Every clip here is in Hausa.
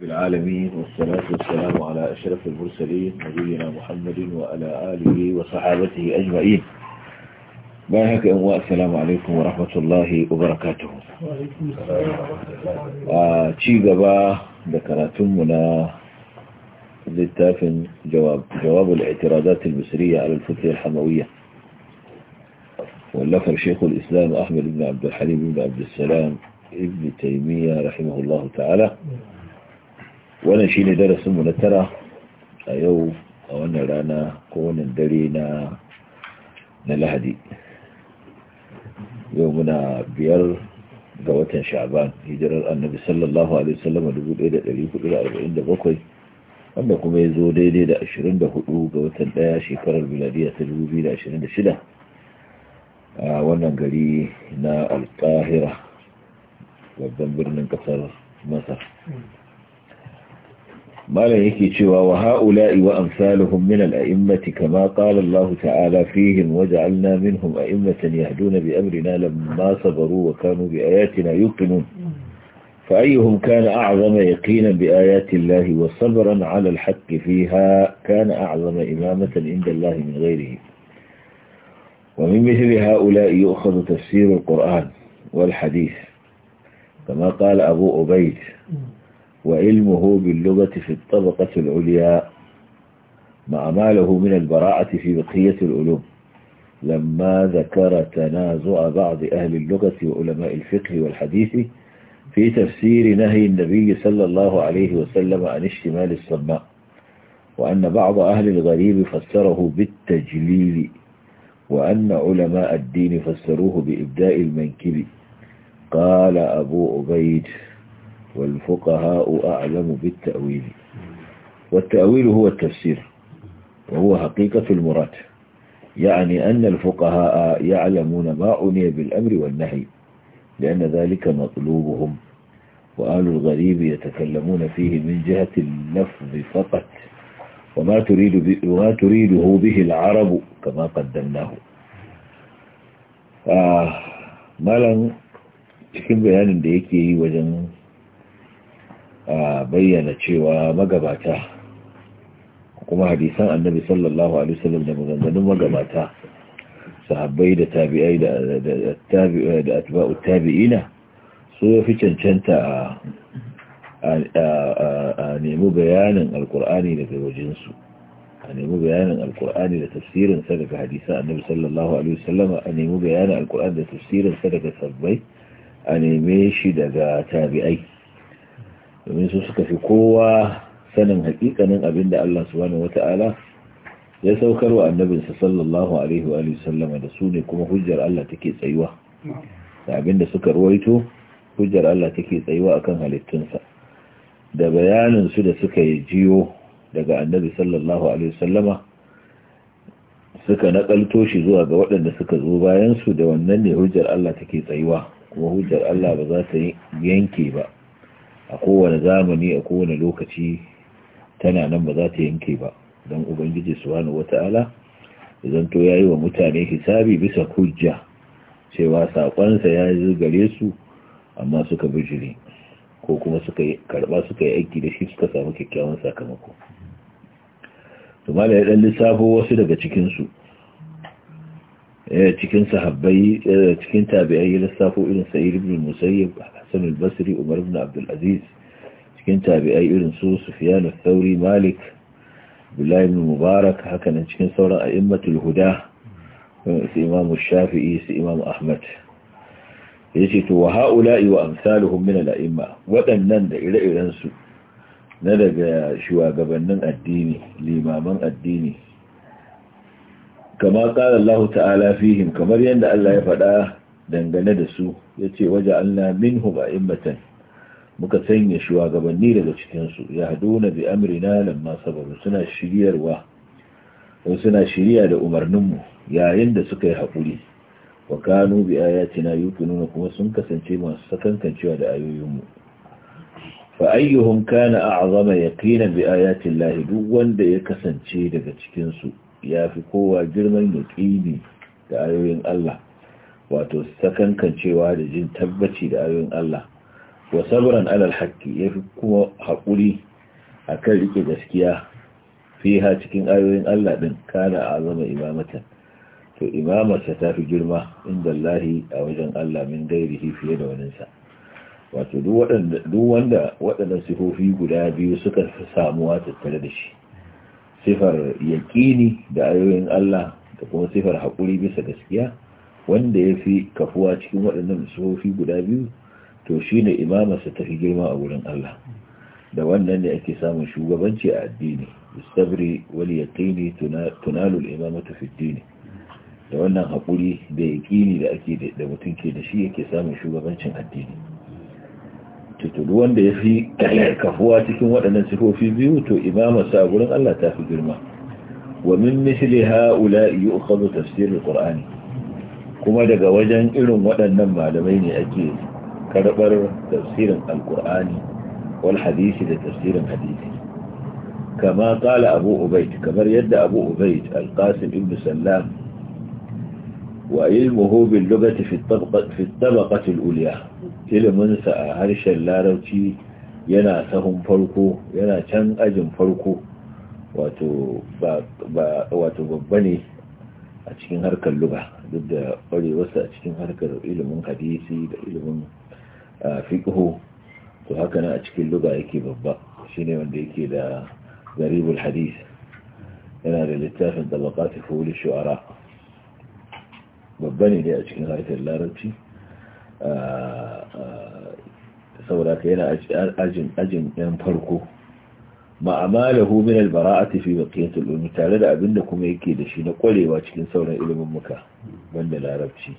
بالعالمين والصلاة والسلام على أشرف المرسلين نبينا محمد وعلى آله وصحابته أجمعين بارك أمواء السلام عليكم ورحمة الله وبركاته آه، شيء قبا ذكرتمنا للتافن جواب جواب الاعتراضات المصرية على الفترة الحموية واللفر شيخ الإسلام أحمد بن عبد الحليم بن عبد السلام ابن تيمية رحمه الله تعالى نعم. wannan shi ne darasinmu na tara a yau a wannan rana ko wannan dare na na lahadi yau muna biyar ga watan sha'ban hijirar annabi sallallahu alaihi wasallam 1447 wanda kuma ya zo daidai da 24 ga watan daya shekarar miladiya ta 2026 a wannan gari na alkahira babban birnin kasar masar مالا يكي تشوى وهؤلاء وأمثالهم من الأئمة كما قال الله تعالى فيهم وجعلنا منهم أئمة يهدون بأمرنا لما صبروا وكانوا بآياتنا يوقنون فأيهم كان أعظم يقينا بآيات الله وصبرا على الحق فيها كان أعظم إمامة عند الله من غيره ومن مثل هؤلاء يؤخذ تفسير القرآن والحديث كما قال أبو أبيت وعلمه باللغة في الطبقة العليا مع ما له من البراعة في بقية العلوم لما ذكر تنازع بعض أهل اللغة وعلماء الفقه والحديث في تفسير نهي النبي صلى الله عليه وسلم عن اشتمال الصماء وأن بعض أهل الغريب فسره بالتجليل وأن علماء الدين فسروه بإبداء المنكب قال أبو عبيد والفقهاء أعلم بالتأويل والتأويل هو التفسير وهو حقيقة المراد يعني أن الفقهاء يعلمون ما أني بالأمر والنهي لأن ذلك مطلوبهم وآل الغريب يتكلمون فيه من جهة اللفظ فقط وما, تريد وما تريده به العرب كما قدمناه آه مالا cikin bayanin da yake A bayyana cewa magabata kuma hadisan annabi sallallahu alaihi wasallam da maganganun magabata sahabbai da tabi'ai da atba'u tabi'ina su yafi cancanta a nemi bayanin alkur'ani daga wajensu a nemi bayanin alkur'ani da tafsirinsa daga hadisan annabi sallallahu alaihi wasallama a nemi bayanin alkur'ani da tafsirinsa daga sabbai a neme shi daga tabi'ai domin su suka fi kowa sanin hakikanin abinda da Allah subhanahu wata'ala ya saukar wa annabinsa sallallahu alaihi wa sallama da su ne kuma hujjar Allah take tsayuwa da abinda suka ruwaito hujjar Allah take tsayuwa akan halittunsa da bayanin su da suka yi jiyo daga annabi sallallahu alaihi sallama suka nakalto shi zuwa ga waɗanda suka zo bayan su da wannan ne hujjar Allah take tsayuwa kuma hujjar Allah ba za ta yanke ba a kowane zamani a kowane lokaci tana nan ba za ta yanke ba don ubangiji subhanahu wata'ala Zanto to yi wa mutane hisabi bisa hujja cewa saƙonsa ya yi gare su amma suka bijiri ko kuma suka karɓa suka yi aiki da shi suka samu kyakkyawan sakamako da ya ɗan lissafo wasu daga cikinsu. Eh, cikin sahabbai eh, cikin tabi'ai lissafo irin sa'id ibn musayyib hasan al-basri umar ibn abdul aziz cikin tabi'ai irin su sufyan al-thawri malik abdullahi ibn mubarak haka nan cikin sauran a'immatul huda su imam shafi'i su imam ahmad yace to wa ha'ula'i wa amsaluhum min al-a'imma waɗannan da ire-iren su na daga shugabannin addini limaman addini kama ƙara Allah ta'ala fihim kamar yadda Allah ya faɗa dangane da su ya ce waje Allah min huba muka sanya shugabanni daga cikinsu ya haduna bi amrina lamma sabaru suna shiryarwa ko suna shirya da umarninmu yayin da suka yi haƙuri wa kanu bi ayatina yuqinuna kuma sun kasance masu sakankancewa da ayoyinmu fa ayyuhum kana a'zama yaqinan bi ayati Allah duk wanda ya kasance daga cikinsu. ya fi kowa girman yaƙini da ayoyin Allah wato sakankancewa da jin tabbaci da ayoyin Allah wa sabran alal haqqi fi kuma haƙuri a kan rike gaskiya Fi ha cikin ayoyin Allah ɗin kana zama imamatan to imamarsa ta fi girma inda lahi, a wajen Allah min gairihi fiye da waninsa wato duk wanda waɗannan sifofi guda biyu suka fi samuwa tattare da shi sifar yakini da ayoyin Allah da kuma sifar haƙuri bisa gaskiya wanda ya fi kafuwa cikin waɗannan sufofi guda biyu to shi ne imamarsa ta fi girma a wurin Allah da wannan ne ake samun shugabanci a addini bisabri wani yakini tunalul imamatu fi dini da wannan haƙuri da yakini da ake da mutum ke da shi yake samun shugabancin addini tutudu wanda ya fi kafuwa cikin waɗannan sifofi biyu to imama a gurin Allah ta fi girma wa min misli ha'ula yu'khadhu tafsir al-qur'ani kuma daga wajen irin waɗannan malamai ne ake karɓar tafsirin al-qur'ani wal hadisi da tafsirin hadisi kama qala abu ubayd kamar yadda abu ubayd al-qasim ibn sallam waye باللغة في الطبقة, في الطبقة الأولية a harshen هرش yana ينا سهم فرقو ينا كان أجم wato babba ne a cikin harkar luga duk da ƙwarewarsa a cikin harkar ilimin hadisi da ilimin fiƙihu to haka nan a cikin luga yake babba shine wanda yake da garibul hadis yana da littafin tabaqati fuhul shu'ara babban ne a cikin harkar larabci saboda ka yana ajin ajin yan farko ma'amalahu min albara'ati fi baqiyatul ulum tare da abinda kuma yake da shi na kwarewa cikin sauran ilimin muka banda larabci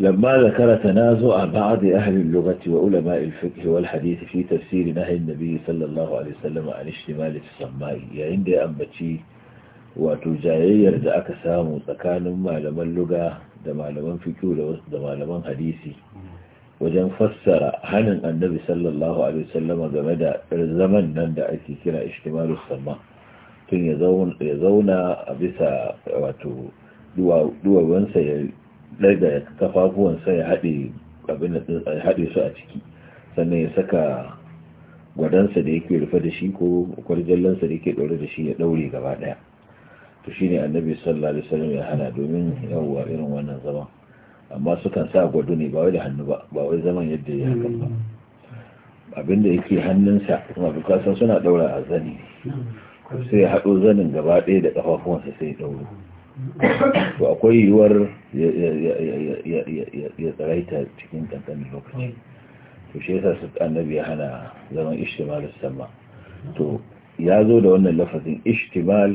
لما ذكر تنازع بعض أهل اللغة وعلماء الفقه والحديث في تفسير نهي النبي صلى الله عليه وسلم عن اشتمال الصماء يعني عند أنبتي wato jayayyar da aka samu tsakanin malaman luga da malaman fikiyu da malaman hadisi wajen fassara hannun annabi sallallahu alaihi wasallama game da zaman nan da ake kira ishtimalus sama tun ya zauna a bisa wato duwawansa ya daga kafafuwansa ya haɗe su a ciki sannan ya saka gwadansa da yake rufe da shi ko kwarjallansa da yake ɗaure da shi ya ɗaure gaba ɗaya to shine annabi sallallahu alaihi wasallam ya hana domin yawwa irin wannan zaman amma sukan sa gwado ne ba wai da hannu ba ba wai zaman yadda ya haka ba abinda yake hannunsa kuma bukasan suna daura a zani sai ya haɗo zanin gaba ɗaya da ƙafafuwansa sai ya ɗauro to akwai yiwuwar ya tsaraita cikin ƙanƙanin lokaci to shi yasa annabi ya hana zaman ishtimal sama to ya zo da wannan lafazin ishtimal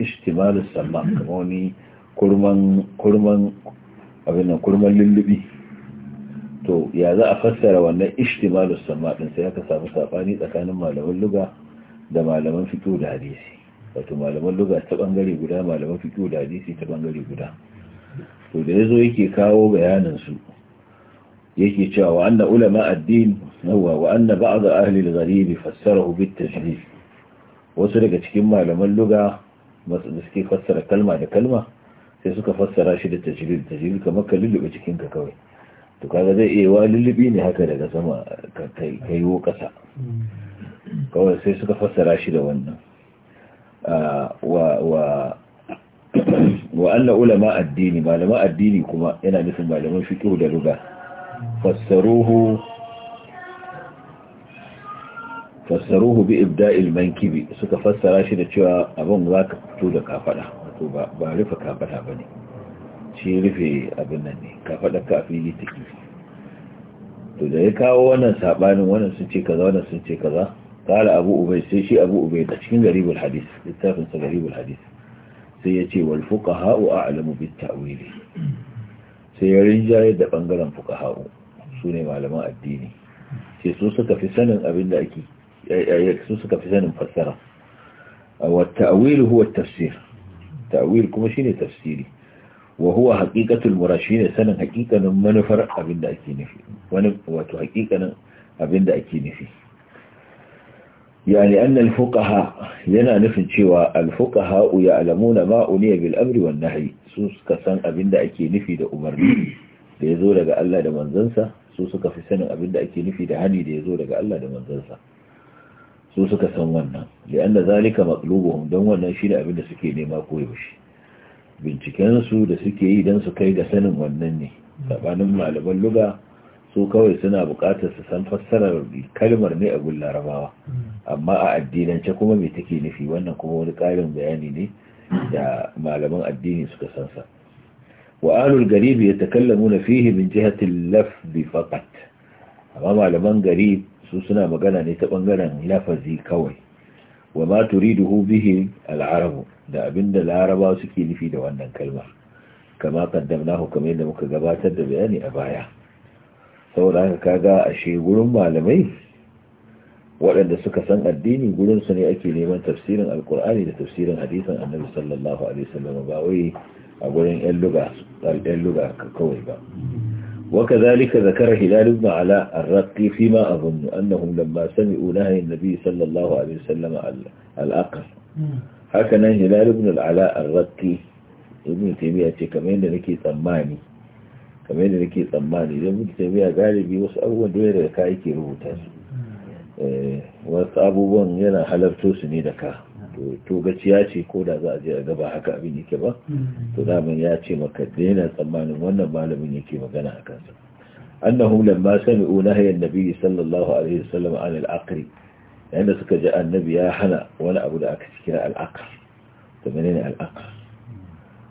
ishtimalus samma wani kurman lullubi to ya za a fassara wannan ishtimalus samma din sai aka samu sabani tsakanin malaman luga da malaman fiqh da hadisi wato malaman luga ta bangare guda malaman fiqh da hadisi ta bangare guda to da yazo yake kawo bayanin su yake cewa wa anna ulama addini yawa wa anna ga ahli al fassara fassarahu bit tajrif wasu daga cikin malaman luga masu da suke fassara kalma da kalma sai suka fassara shi da tajirir tajirir kamar ka lullube cikinka kawai to kaga zai iya wa lullubi ne haka daga sama ka yi wo kawai sai suka fassara shi da wannan wa Allah ulama addini malama addini kuma yana nufin malaman fiqh da ruga fassaruhu fassaruhu bi ibda'il mankibi suka fassara shi da cewa abin za ka fito da kafada wato ba rufe kafada bane ne shi rufe abin nan ne kafada ka fili take to da ya kawo wannan sabanin wannan sun ce kaza wannan sun ce kaza kala abu ubai sai shi abu ubai a cikin garibul hadis littafin sa garibul hadis sai ya ce wal fuqaha a'lamu bit ta'wili sai ya rinjaye da bangaren fuqaha su ne malaman addini sai su suka fi sanin abin da ake suka fi sanin fassara wata ta'wil kuma shine tafsiri wahuwa huwa haqiqatul shine sanin haqiqanin manufar abinda ake nufi wani wato haqiqanin abinda ake nufi yani anna al-fuqaha yana nufin cewa al-fuqaha ya'lamuna ma uniya bil amri wan nahyi su suka san abinda ake nufi da umarni da yazo daga Allah da manzon sa su suka fi sanin abinda ake nufi da hani da yazo daga Allah da manzansa. su suka san wannan li'anna zalika maqlubuhum don wannan shi ne abinda suke nema ko yaushe bincikensu da suke yi don su kai ga sanin wannan ne sabanin malaman luga su kawai suna bukatar su san fassarar kalmar ne a gun larabawa amma a addinance kuma me take nufi wannan kuma wani ƙarin bayani ne da malaman addini suka san sa wa alul garibi yatakallamuna fihi min jihati al-lafz faqat amma malaman gari. su suna magana ne ta bangaren lafazi kawai wa ma turiduhu bihi al da abinda laraba suke nufi da wannan kalma kama qaddamnahu kamar da muka gabatar da bayani a baya saboda haka kaga ashe gurin malamai waɗanda suka san addini gurin su ne ake neman tafsirin alkur'ani da tafsirin hadisan annabi sallallahu alaihi wasallam ba wai a gurin yan luga kawai ba وكذلك ذكر هلال بن علاء الرقي فيما أظن أنهم لما سمعوا نهي النبي صلى الله عليه وسلم الأقل هكذا هلال بن العلاء الرقي ابن تيمية كمين لكي ثماني كمين لكي ثماني ابن تيمية غالبي وسأول دوير لكا يكي روتاس wasu abubuwan yana halarto su ne da ka to gaciya ce ko da za a je a gaba haka abin yake ba to daman ya ce maka daina tsammanin wannan malamin yake magana a kansa annahu lamma sami'u nahyan nabi sallallahu alaihi wasallam an al-aqri yanda suka ji annabi ya hana wani abu da aka cikin al-aqr to menene al-aqr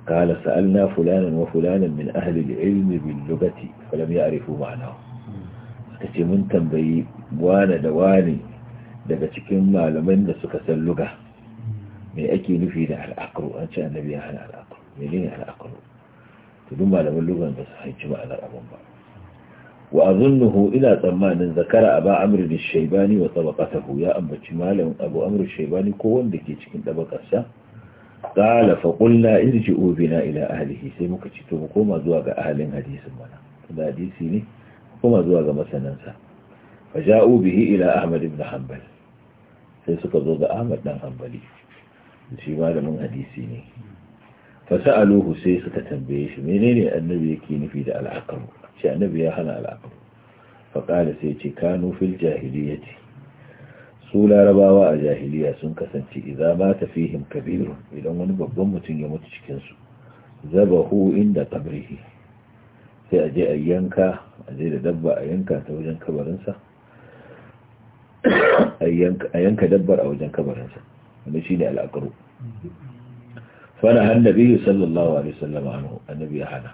qala sa'alna fulanan wa fulanan min ahli al-ilm bil lughati falam ya'rifu ma'nahu suka ce mun tambayi wane da wane daga cikin malaman da suka san lugha me ake nufi da al'akaru? an ce annabi ya hana al'akaru. Me ne al'akru to duk malaman lugan basu su haici ma'anar abin ba wa azunnuhu ina tsammanin zakara aba amr da shaybani wa tabaqatahu ya ambaci malam abu amr shaybani ko wanda ke cikin tabakarsa qala fa qulna irji'u bina ila ahlihi sai muka ci to mu koma zuwa ga ahlin hadisin mana da hadisi ne kuma zuwa ga masanansa fa ja'u bihi ila ahmad ibn hanbal sai suka zo ga ahmad dan hanbali shi malamin hadisi ne sa'aluhu sai suka tambaye shi menene annabi yake nufi da al'aqab shi annabi ya hana al'aqab fa qala sai ce kanu fil jahiliyyati su larabawa a jahiliya sun kasance idza mata fihim Kabiru, idan wani babban mutum ya mutu cikin su zabahu inda qabrihi sai aje a yanka aje da dabba a yanka ta wajen kabarinsa a yanka dabbar a wajen kabarinsa wanda shi ne al'akaru fana annabi sallallahu alaihi wasallam hannu annabi ya hana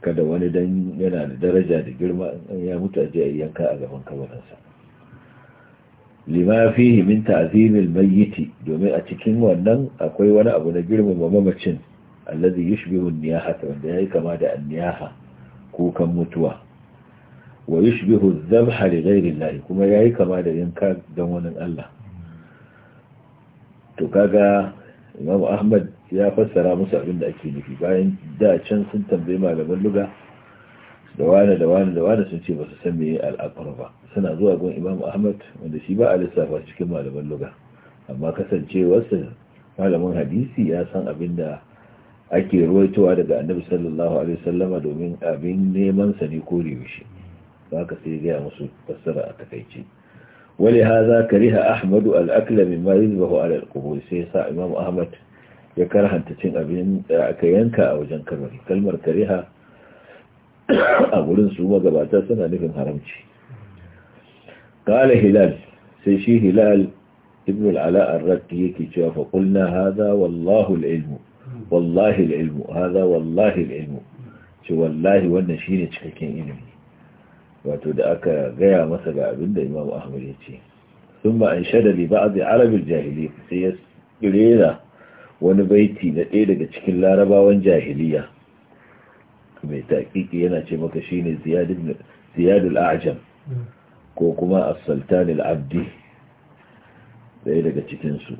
kada wani dan yana da daraja da girma ya mutu aje a yanka a gaban kabarinsa lima fihi min ta'zimil mayyit domin a cikin wannan akwai wani abu na girmama mamacin alladhi yushbihu an-niyahata wanda yayi kama da an-niyaha kukan mutuwa wa yushbihu adh-dhabha li ghayri Allah kuma yayi kama da yanka dan wani Allah to kaga imam ahmad ya fassara musu abin da ake nufi bayan da can sun tambayi malaman luga da wane da wane da wane sun ce ba su san me al'akar ba suna zuwa gun imam ahmad wanda shi ba a lissafa cikin malaman luga amma kasancewarsa malamin hadisi ya san abin da ake ruwaitowa daga annabi sallallahu alaihi wasallama domin abin neman sa ne kore shi ba ka sai gaya musu fassara a takaice ولهذا كره أحمد الأكل مما يذبه على القبور سيسا إمام أحمد يكره أن تتين أبين كينك أو جنكبر كلمة كره أقول سوما قباتا سنة نفن هرمشي قال هلال سيشي هلال ابن العلاء الركي كي فقلنا هذا والله العلم والله العلم هذا والله العلم شو والله وانا شيني تشككين إلمي wato da aka gaya masa ga abin da imamu ahmad ya ce sun ba an shaɗa li ba a zai arabin jahiliya sai ya rera wani baiti na ɗaya daga cikin larabawan jahiliya mai taƙiƙi yana ce maka shi ne ziyadul ajam ko kuma asaltanil abdi ɗaya daga cikinsu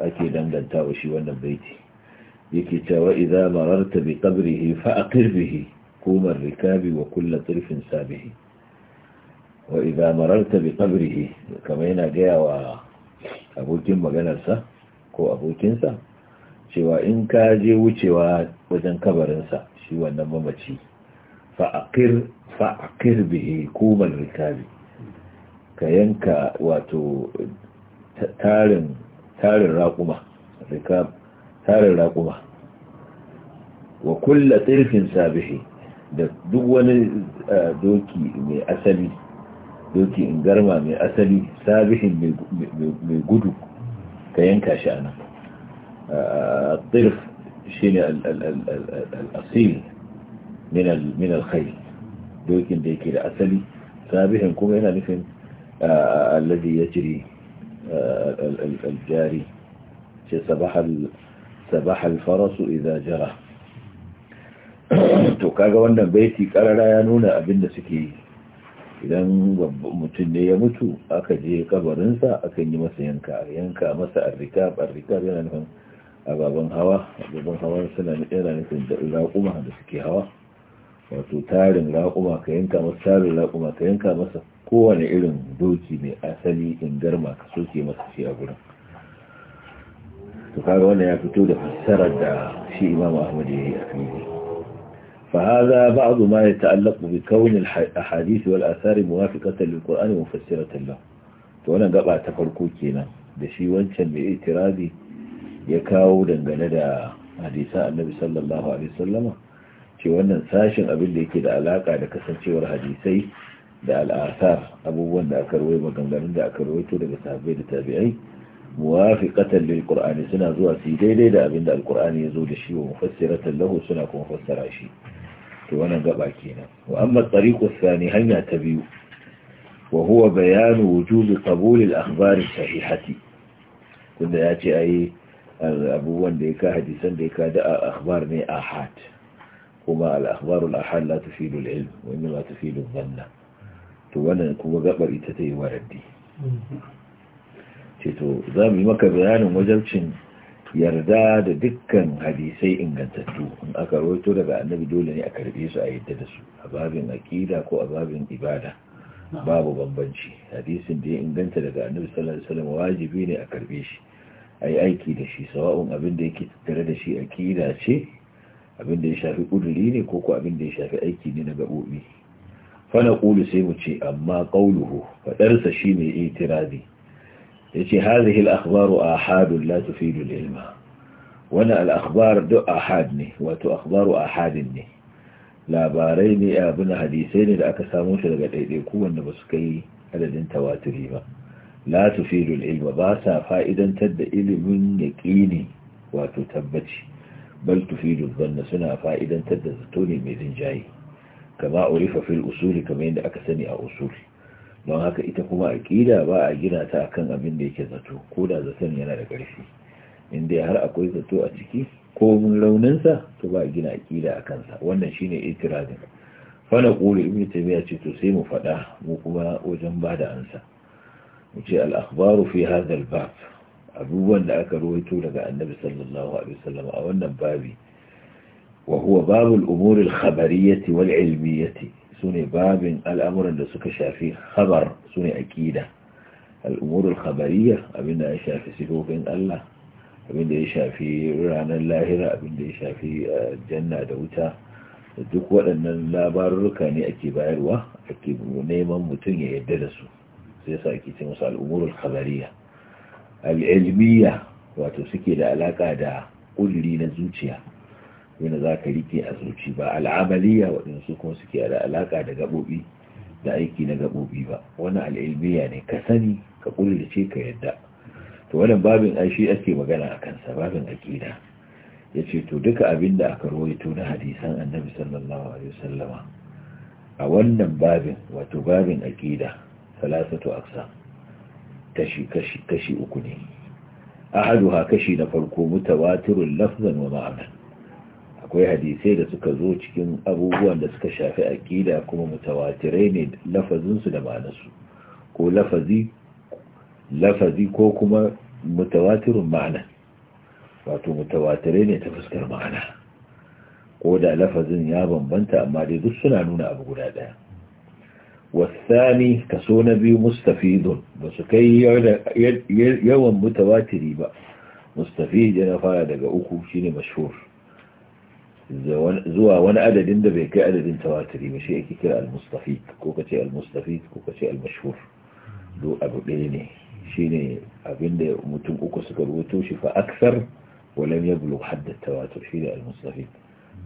ake danganta wa shi wannan baiti yake cewa idza mararta bi qabrihi fa aqir bihi kuma rikabi wa kullu tirfin sabihi wa idza mararta bi qabrihi kamar yana gaya wa abokin maganarsa ko abokinsa cewa in ka je wucewa wajen kabarinsa shi wannan mamaci fa'aqir fa'aqir bihi kumal rikabi ka yanka wato tarin tarin raƙuma rikab tarin raƙuma wa kulla tsirfin sabihi da duk wani doki mai asali doki in garma mai asali sabihin mai gudu ka yanka shi a nan ah, tsirf shi ne al'asiri min alkhai ɗaukin da yake da asali sabihin kuma yana nufin ah, allazi ya ciri aljari ah, ce sabahal farasu iza jara to kaga wannan baiti karara ya nuna abinda suke yi idan mutum ne ya mutu aka je kabarinsa akan yi masa yanka yanka masa arrikab arrikab yana nufin ababen hawa ababen hawa suna yana nufin da laƙuma da suke hawa wato tarin laƙuma ka yanka masa tarin laƙuma ka yanka masa kowane irin doki mai asali in garma ka soke masa shi a gurin to kaga wannan ya fito da fassarar da shi imamu ahmad ya yi a fili فهذا بعض ما يتعلق بكون الأحاديث والآثار موافقة للقرآن ومفسرة له wannan gaba ta farko kenan da shi wancan mai itirazi ya kawo dangane da hadisa annabi sallallahu alaihi wasallama ce wannan sashin abin da yake da alaka da kasancewar hadisai da al'asar abubuwan da aka rawaito maganganun da aka rawaito daga sahabbai da tabi'ai muwafiqatan lil qur'ani suna zuwa su daidai da abinda alƙur'ani ya zo da shi wa mufassiratan lahu suna kuma fassara shi to wannan gaba kenan wa amma tariqu hanya ta biyu wa huwa bayan wujubi qabul al sahihati tunda ya ce ai abubuwan da ya ka hadisan da ya ka da'a akhbar ne ahad kuma al akhbar ahad la tufidu al ilm wa inma tufidu dhanna to wannan kuma gabar ita ta yi waradi mm-hmm. ce to za mu yi maka bayanin wajabcin yarda da dukkan hadisai ingantattu in aka roto daga annabi dole ne a karbe su a yadda da su a babin aqida ko a babin ibada babu bambanci hadisin da ya inganta daga annabi sallallahu alaihi wasallam wajibi ne a karbe shi ayi aiki da shi sawa'un abin da yake tare da shi aqida ce abin da ya shafi kudiri ne ko ko abin da ya shafi aiki ne na gabobi fa qulu sai mu ce amma qawluhu fadarsa shine itirazi yace hadhihi al-akhbaru ahadun la ilma Wani al'akbar akhbar ahad ne wato akhbaru ahadin ne labarai ne abin hadisai ne da aka samu shi daga ɗaiɗai kowanne ba su kai adadin tawaturi ba Latufidul ilma ba sa fa'idantar da ilimin yaqini wato tabbaci bal tufidu suna fa'idantar da zato ne mai rinjaye kama orifafil fil usuli kamar yadda aka sani a usuri! don haka ita kuma aƙida ba a gina ta akan abin da yake zato ko da zaton yana da ƙarfi inda har akwai zato a ciki ko rauninsa to ba a gina aƙida a kansa wannan shine itirazin fana ƙuri ibn taymiya ce to sai mu faɗa mu kuma wajen ba da ansa mu ce al fi hadha bab abubuwan da aka rawaito daga annabi sallallahu alaihi wasallam a wannan babi wa huwa babul umuri al-khabariyyati wal ilmiyyati su ne babin al'amuran da suka shafi khabar su ne aƙida al'umurul khabariya abinda ya shafi sifofin Allah abinda ya shafi ranar lahira abinda ya shafi eh, janna da wuta da duk waɗannan labarurruka ne ake bayarwa ake neman mutum ya yadda da su sai sa ake cin wasu al'umurul khabariya al'ilmiya wato suke da alaƙa da ƙulli na zuciya wanda za ka rike a zuci ba al'amaliya waɗanda su kuma suke da alaƙa da gaɓoɓi da aiki na gaɓoɓi ba wani al'ilmiya ne ka sani ka ƙullace ka yadda to wannan babin aishi ake magana a kansa babin aƙida ya ce to duka abin da aka rawaito na hadisan annabi sallallahu alaihi wasallama a wannan babin wato babin aƙida salasatu aksa kashi kashi kashi uku ne ahaduha kashi na farko mutawatirun lafzan wa ma'anan akwai hadisai da suka zo cikin abubuwan da suka shafi aƙida kuma mutawatirai ne lafazinsu da ma'anarsu ko lafazi ko kuma mutawatirin ma'ana wato mutawatirai ne ta fuskar ma'ana ko da lafazin ya bambanta amma dai duk suna nuna abu guda ɗaya wasani kaso na biyu mustafidun ba su kai yawan mutawatiri ba mustafid yana fara daga uku shine mashhur zuwa wani adadin da bai kai adadin tawatiri mashi yake kira al-mustafid ko kace al-mustafid ko kace al-mashhur do abu ɗaya ne shine abinda mutum uku suka rubuto shi fa aksar wa lam yablug hadd at-tawatur shi ne al-mustafid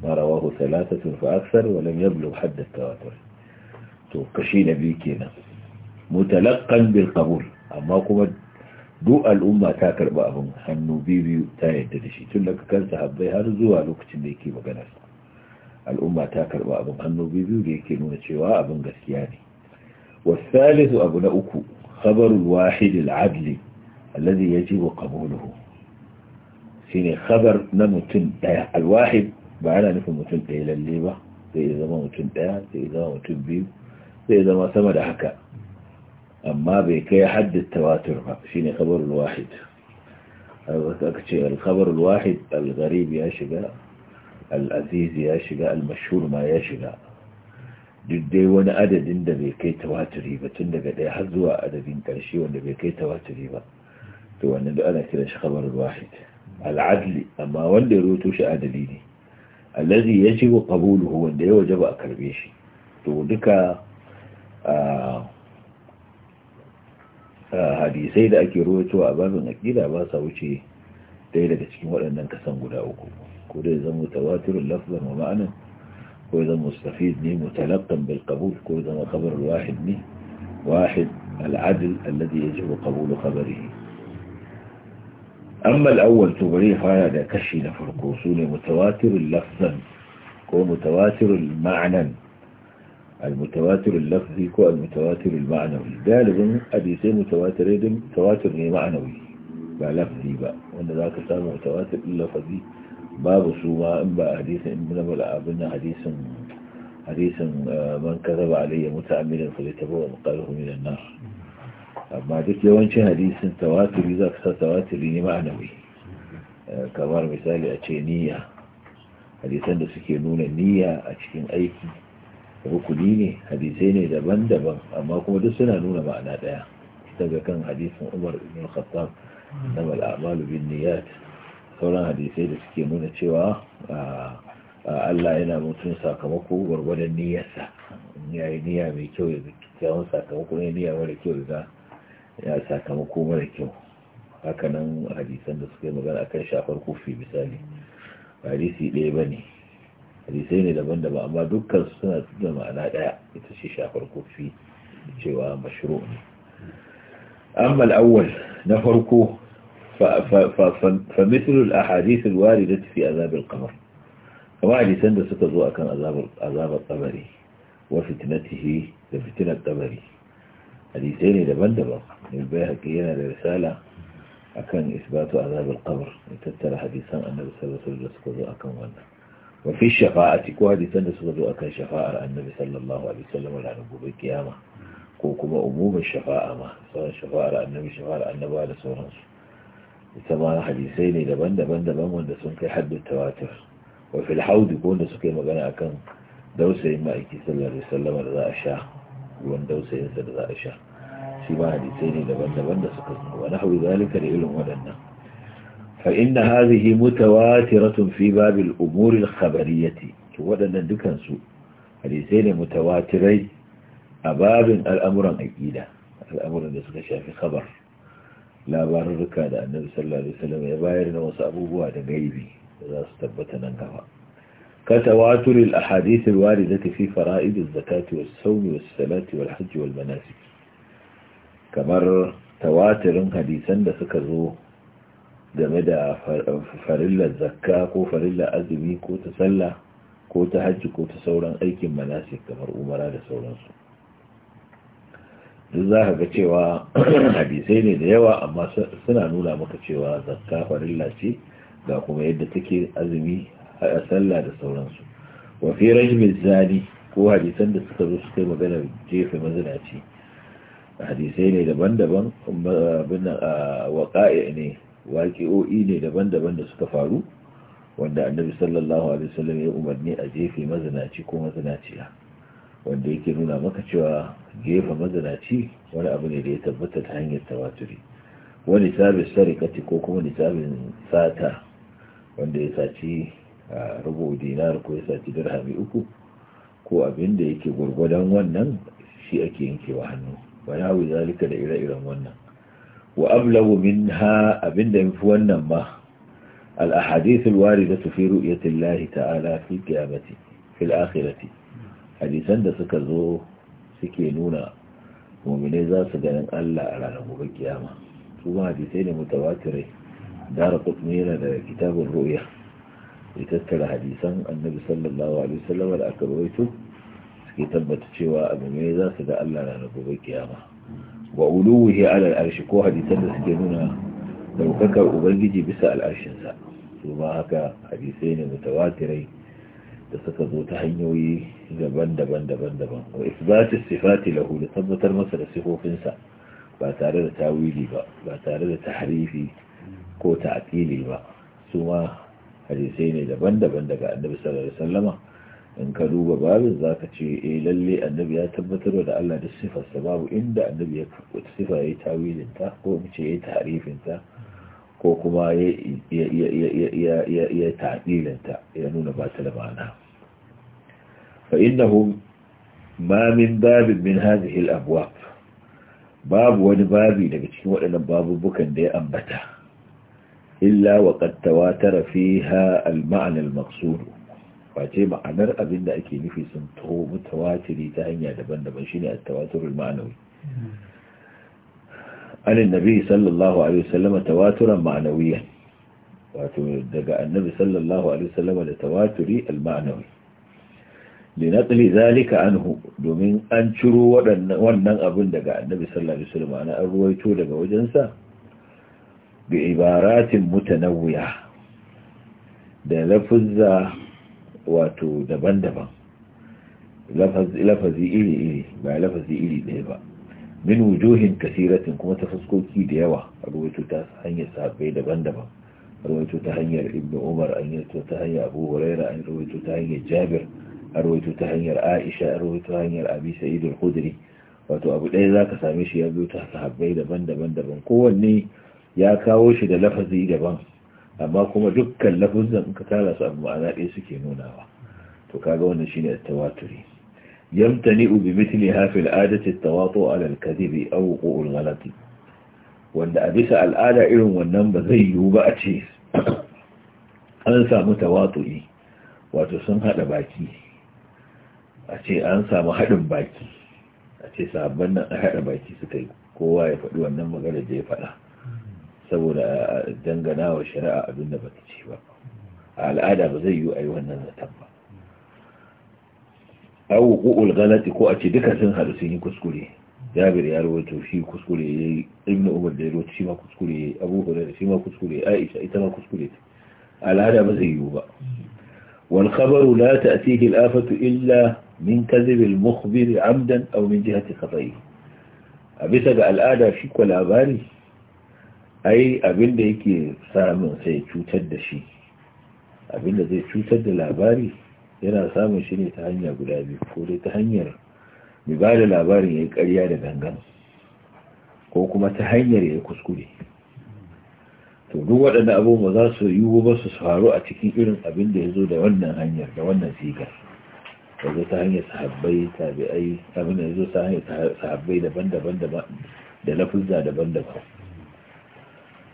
ma rawahu thalathatun fa aksar wa lam yablug hadd to kashi na biyu kenan mutalaqqan bil qabul amma kuma duk al'umma ta karba abin hannu biyu ta yadda da shi tun daga kansa habbai har zuwa lokacin da yake magana al'umma ta karba abin hannu biyu da yake nuna cewa abin gaskiya ne wasalisu abu na uku khabarul wahid al-adli alladhi yajibu qabuluhu shine khabar na mutum daya al-wahid ba ana nufin mutum daya lalle ba zai zama mutum daya zai zama mutum biyu zai zama sama da haka amma bai kai haddin tawatur ba shine khabarul wahid aka ce alkhabarul wahid algharib ya shiga alazizi ya shiga al-mashhur ma ya shiga duk dai wani adadin da bai kai tawaturi ba tun daga ɗaya har zuwa adadin ƙarshe wanda bai kai tawaturi ba to wannan da ana kira shi khabarul wahid al'adli amma wanda ya roto shi adali ne allazi ya ce wa wanda ya wajaba a karbe shi to duka ah, hadisai da ake ruwaitowa a babin aƙida ba sa wuce dai daga cikin waɗannan kasan guda uku ko dai zan mutawatir lafzan wa ma'ana ko zan mustafid ne mutalaqqan bil qabul ko zan khabar wahid ne wahid al-adl alladhi yajibu qabul khabarihi amma al-awwal to bari fara da kashi na farko sune mutawatir lafzan ko mutawatir ma'nan المتواتر اللفظي كو المتواتر المعنوي غالبا حديثي متواترين ne ma'anawi ba lafzi ba wanda zaka samu mutawatir lafzi babu su ma in ba hadisin in ba abin hadisin hadisin man kadaba alayya muta'ammidan fa litabawa maqalahu min an-nar amma duk yawancin hadisin tawatiri zaka sa tawatiri ne ma'anawi kamar misali a ce niyya hadisan da suke nuna niyya a cikin aiki rukuni ne hadisai ne daban-daban amma kuma duk suna nuna ma'ana ɗaya daga kan hadisin umar ibn khattab na mal'amalu bin niyat sauran hadisai da suke nuna cewa Allah yana mutum sakamako gwargwadon niyyarsa ya yi niyya mai kyau ya kyawun sakamako ne niyya mara kyau ya ya sakamako mara kyau hakanan hadisan da suke magana akan shafar kofi misali hadisi ɗaya ba ne hadisai ne daban-daban amma dukkan suna da ma'ana daya ita ce shafar kofi cewa mashru ne amma al'awwal na farko fa mislul ahadithul waridati fi azabil qamar kama hadisan da suka zo akan azabar kabari wa fitnatihi da fitnar kabari hadisai ne daban-daban ne bai haƙi yana da risala akan isbatu azabil qabr tattara hadisan annabi sallallahu alaihi wasallam da suka zo akan wannan wa shafa'a shafa'ati ko hadisan da suka zo akan shafa'ar annabi sallallahu alaihi wasallam ranar gobe kiyama ko kuma umumin shafa'a ma sauran shafa'ar annabi shafa'ar annaba da sauransu ita ma hadisai ne daban-daban daban wanda sun kai haddun tawatir Wafi fil haudi ko wanda suka yi magana akan dausayin ma'aiki sallallahu alaihi wasallam da za a sha ruwan dausayinsa da za a sha shi ma hadisai ne daban-daban da suka zo Wani nahwi zalika da irin waɗannan فإن هذه متواترة في باب الأمور الخبرية ودنا دكنسو حديثين متواتري أباب الأمر أكيدا الأمر الذي في خبر لا بارك هذا النبي صلى الله عليه وسلم يبايرنا وسأبوه هذا غيبي إذا استبتنا نقوى كتواتر الأحاديث الواردة في فرائض الزكاة والصوم والصلاة والحج والمناسك كمر تواتر حديثا لسكزوه game da farillar zakka ko farillar azumi ko ta sallah ko ta hajji ko ta sauran aikin manasi kamar umara da sauransu duk za ga cewa hadisai ne da yawa amma suna nuna maka cewa zakka farilla ce ga kuma yadda take azumi a sallah da sauransu wa fi zani ko hadisan da suka zo suka yi maganar jefe mazinaci hadisai ne daban-daban abin waƙa'i ne waƙi'o'i ne daban-daban da suka faru wanda annabi sallallahu alaihi wasallam ya umarni a jefe mazanaci ko mazinaciya wanda yake nuna maka cewa jefa mazanaci wani abu ne da ya tabbata ta hanyar tawaturi wani sabin sarikati ko kuma nisabin sata wanda ya saci rubu dinar ko ya saci dirhami uku ko abin da yake gwargwadon wannan shi ake yankewa hannu a abu zalika da ire-iren wannan wa ablagu min ha abinda yin fi wannan ba al’ahadithin wari da tafi ru’iyatun lahi ta’ala fi gabati fil’akirati hadisan da suka zo suke nuna muminai za su ganin Allah a ranar gobe kiyama su hadisai ne mutawatirai dara kutmera da kitabin ru’iya da tattara hadisan annabi sallallahu alaihi sallama da aka ruwaito suke tabbata cewa abu mai za su ga Allah ranar gobe kiyama wa uluwuhi alal arshi ko hadisan da suke nuna daukakar ubangiji bisa al'arshinsa su haka hadisai ne mutawatirai da suka zo ta hanyoyi daban-daban daban-daban wa isbatu sifati lahu da tabbatar masa da sifofinsa ba tare da tawili ba ba tare da tahrifi ko ta'tili ba su ma hadisai ne daban-daban daga annabi sallallahu alaihi wasallama in ka duba babin za ka ce eh lalle annabi ya tabbatar da Allah da sifarsa babu inda annabi ya wata sifa ya yi tawilinta ko in ce ya yi tarifinta ko kuma ya ta'dilinta ya nuna ba ta da ma'ana fa innahum ma min babin min hadhihi al-abwab babu wani babi daga cikin waɗannan babubukan da ya ambata illa wa qad tawatara fiha al-ma'na al-maqsud face ma'anar abin da ake nufi sun taho mutawatiri ta hanya daban-daban Shi ne a tawatirin ma'anawi anin nabi sallallahu alaihi wasallam tawaturan ma'anawiyan wato daga annabi sallallahu alaihi wasallam da tawaturi al-ma'anawi linaqli zalika anhu domin an ciro wannan abin daga annabi sallallahu alaihi wasallam ana ruwaito daga wajensa bi ibaratin mutanawwiya da lafuzza wato daban-daban lafazi iri-iri ba lafazi iri ɗaya ba min wujohin kasiratin kuma ta fuskoki da yawa a ruwaito ta hanyar sahabbai daban-daban a ruwaito ta hanyar ibn umar an yi ta hanyar abu huraira an ruwaito ta hanyar jabir a ruwaito ta hanyar aisha a ruwaito ta hanyar abi sa'id al-khudri wato abu ɗaya za ka same shi ya biyo ta sahabbai daban-daban daban kowanne ya kawo shi da lafazi daban amma kuma dukkan lafuzan ka tara su abu ma'ana ɗaya suke nunawa to kaga wannan shine at-tawaturi yamtani'u bi mithliha fi al-'adati at-tawatu 'ala al-kadhibi aw wuqu'u al-ghalati wanda a bisa al'ada irin wannan ba zai yiwu ba a ce an samu tawatu'i wato sun hada baki a ce an samu hadin baki a ce sabon nan a hada baki suka yi kowa ya faɗi wannan maganar da ya faɗa saboda dangana wa shari'a abin da bata ce ba a al'ada ba zai yi a wannan zaton ba awu ƙu'ul galati ko a ce duka sun haɗu sun yi kuskure jabir ya rawaito shi kuskure ya yi ibn umar da ya rawaito shi ma kuskure ya yi abu hurairu shi ma kuskure aisha ita ma kuskure al'ada ba zai yi ba wal khabaru la ta'tihi al afatu illa min kadhib al mukhbir amdan aw min jihati khata'i a bisa ga al'ada shi ko labari ai abinda yake samun sai cutar da shi abin zai cutar da labari yana samun shi ne ta hanyar guda biyu ko dai ta hanyar mai ba da labarin ya yi karya da gangan ko kuma ta hanyar ya yi kuskure to duk waɗanda abubuwa za su yi ba su faru a cikin irin abin da ya zo da wannan hanyar da wannan siga ya zo ta hanyar sahabbai tabi'ai abin da ya zo ta hanyar sahabbai daban-daban da lafuzza daban-daban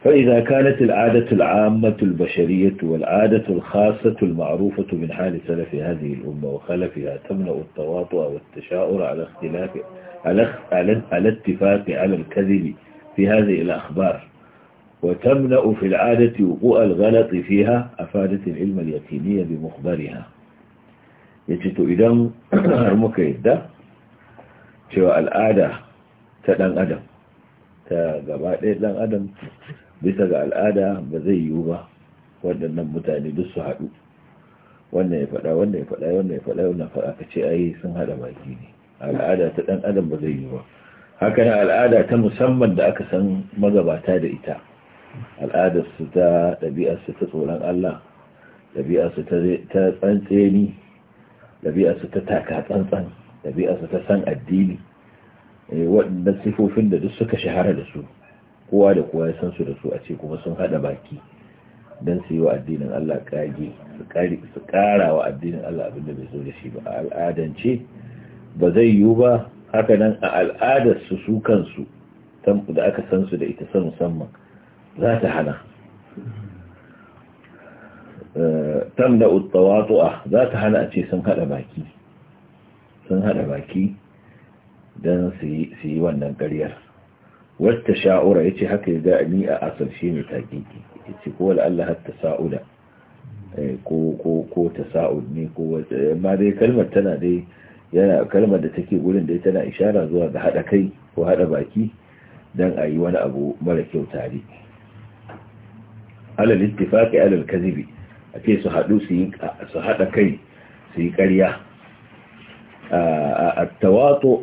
فإذا كانت العادة العامة البشرية والعادة الخاصة المعروفة من حال سلف هذه الأمة وخلفها تمنع التواطؤ والتشاؤر على اختلاف على, على, على اتفاق على الكذب في هذه الأخبار وتمنع في العادة وقوع الغلط فيها أفادت العلم اليقينية بمخبرها يجد إذن هرمك يدى شواء العادة تدن أدم تدن أدم bisa ga al'ada ba zai yiwu ba waɗannan mutane duk su haɗu wannan ya faɗa wannan ya faɗa wannan ya faɗa wannan faɗa ka ce ayi sun haɗa baki ne al'ada ta ɗan adam ba zai yiwu ba haka na al'ada ta musamman da aka san magabata da ita su ta su ta tsoron Allah su ta tsantseni su ta taka tsantsan su ta san addini eh, waɗanda sifofin da duk suka shahara da su kowa da kowa ya san su da su a ce kuma sun hada baki don su yi wa addinin Allah kage su kara wa addinin Allah abinda bai zo da shi ba a al'adance ba zai yiwu ba haka nan a al'adar su su kansu da aka san su da ita san musamman za ta hana eh, tamda a za ta hana a ce sun hada baki sun hada baki don su yi wannan karyar wata sha'ura ya ce haka ya ga ni a asar shi ne taƙiƙi ya ce ko Allah hatta sa'uda eh, ko ta sa'ud ne ko ma dai kalmar tana dai yana kalmar da take gurin dai tana ishara zuwa ga haɗa kai ko haɗa baki don a yi wani abu mara kyau tare alal ittifaqi alal kazibi su su haɗu su haɗa kai su yi ƙarya a tawato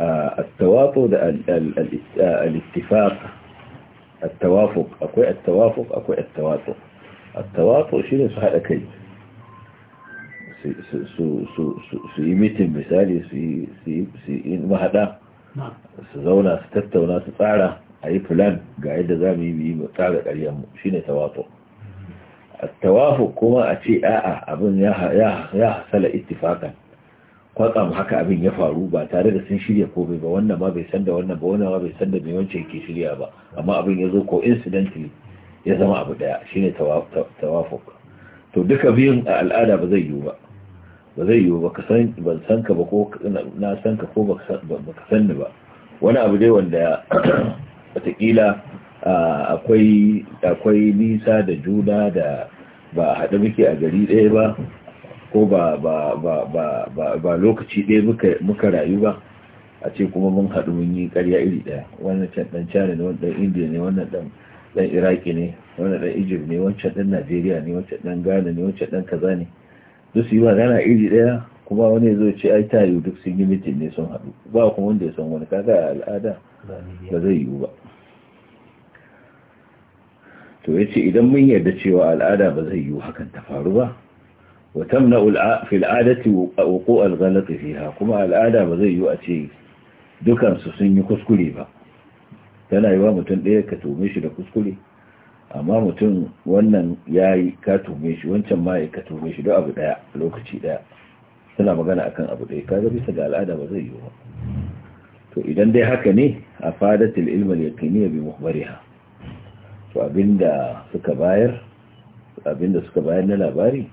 آه، التواطد آه، الاتفاق التوافق اكو التوافق اكو التواطؤ التواطؤ شنو صح اكيد في مثل مثالي في في ما هذا زولا ستة ولا تطالع اي فلان قاعد زامي بي مطالع اليوم شنو التواطؤ التوافق هو اتي اا آه، ابن يا يا يا سلا اتفاقا kwatsam haka abin ya faru ba tare da sun shirya komai ba wannan ma bai san da wannan ba wannan ma bai san da me wancan yake shirya ba amma abin ya zo ko incidentally ya zama abu daya shine tawafuk to duka biyun a al'ada ba zai yiwu ba ba zai yiwu ba ka san ban san ka ba ko na san ka ko ba ka san ni ba wani abu dai wanda watakila akwai akwai nisa da juna da ba a haɗu muke a gari ɗaya ba ko ba ba ba ba ba ba lokaci ɗaya muka muka rayu ba a ce kuma mun haɗu mun yi ƙarya iri ɗaya wannan can ɗan China ne wannan ɗan India ne wannan ɗan ɗan Iraki ne wannan ɗan Egypt ne wancan ɗan Najeriya ne wancan ɗan Ghana ne wancan ɗan kaza ne duk su yi magana iri ɗaya kuma wani zai ce ai ta duk sun yi mitin ne sun haɗu ba kuma wanda ya san wani kaga al'ada ba zai yiwu ba to ya ce idan mun yarda cewa al'ada ba zai yiwu hakan ta faru ba na وتمنع في العادة وقوع kuma فيها ba zai yiwu a ce dukansu sun yi kuskure ba tana yiwa mutum ɗaya ka tume shi da kuskure amma mutum wannan ya yi ka tume shi wancan ma ya ka shi don abu ɗaya lokaci ɗaya suna magana akan abu ɗaya kaga bisa ga al'ada ba zai yi ba to idan dai haka ne a fadatul ilmal yaqini bi muhbariha to abinda suka bayar abinda suka bayar na labari